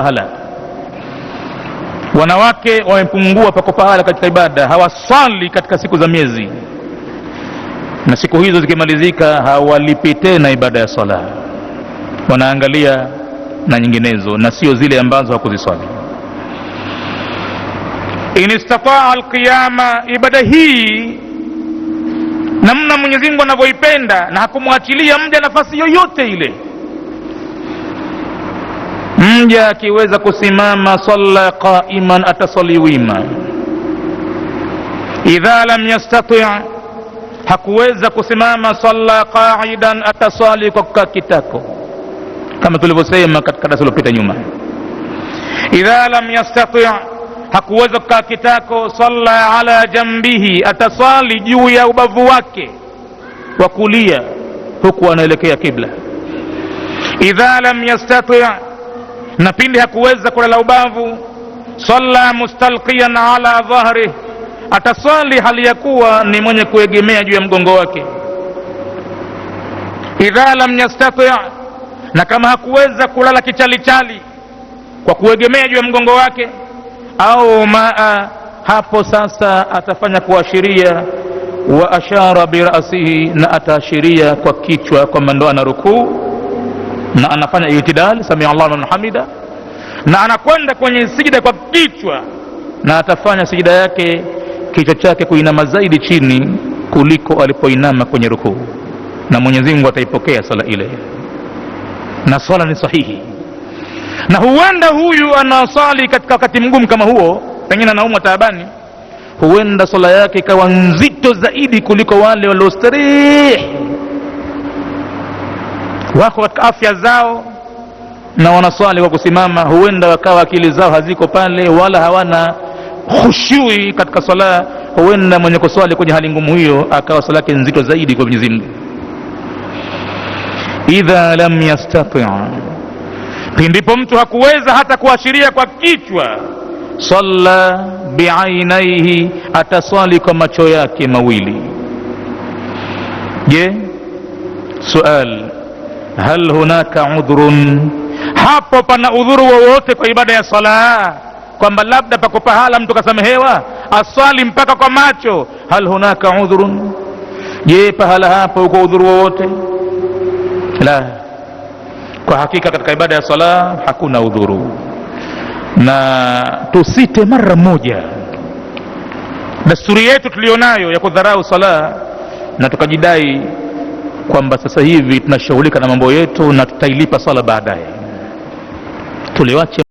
pahala wanawake wamepungua pako pahala katika ibada hawaswali katika siku za miezi na siku hizo zikimalizika hawalipi tena ibada ya swala wanaangalia na nyinginezo na sio zile ambazo hakuziswali in istataa alqiyama ibada hii namna mwenyezimngu anavyoipenda na hakumwachilia mja nafasi yoyote ile mja akiweza kusimama salla qaiman, atasali wima. Idha lam yastati, hakuweza kusimama salla qaidan, atasali kwa kukaa kitako, kama tulivyosema katika darasa lilopita nyuma. Idha lam yastati, hakuweza kukaa kitako, salla ala jambihi, ataswali juu ya ubavu wake wa kulia, huku anaelekea kibla. Idha lam yastati na pindi hakuweza kulala ubavu. Salla mustalqiyan ala dhahrih, ataswali hali ya kuwa ni mwenye kuegemea juu ya mgongo wake. Idha lam yastati, na kama hakuweza kulala kichalichali kwa kuegemea juu ya mgongo wake, au maa, hapo sasa atafanya kuashiria wa ashara birasihi, na ataashiria kwa kichwa kwamba ndo ana rukuu na anafanya itidal samia llahu man hamida na anakwenda kwenye sijida kwa kichwa na atafanya sijida yake kichwa chake kuinama zaidi chini kuliko alipoinama kwenye rukuu na mwenyezi ataipokea sala ile na swala ni sahihi na huenda huyu anasali katika wakati mgumu kama huo pengine anaumwa taabani huenda swala yake ikawa nzito zaidi kuliko wale waliostarehe wako katika afya zao na wanaswali kwa kusimama, huenda wakawa akili zao haziko pale, wala hawana khushui katika swala. Huenda mwenye kuswali kwenye hali ngumu hiyo akawa swala yake nzito zaidi kwa Mwenyezi Mungu. Idha lam yastati, pindipo mtu hakuweza hata kuashiria kwa kichwa, salla biainaihi, ataswali kwa macho yake mawili. Je, sual hal hunaka udhrun, hapo pana udhuru wowote kwa ibada ya sala? Kwamba labda pako pahala mtu kasamehewa aswali mpaka kwa macho, hal hunaka udhrun? Je, pahala hapo uko udhuru wowote? La, kwa hakika katika ibada ya sala hakuna udhuru, na tusite mara moja dasturi yetu tuliyonayo ya kudharau sala na tukajidai kwamba sasa hivi tunashughulika na mambo yetu na tutailipa sala baadaye, tuliwache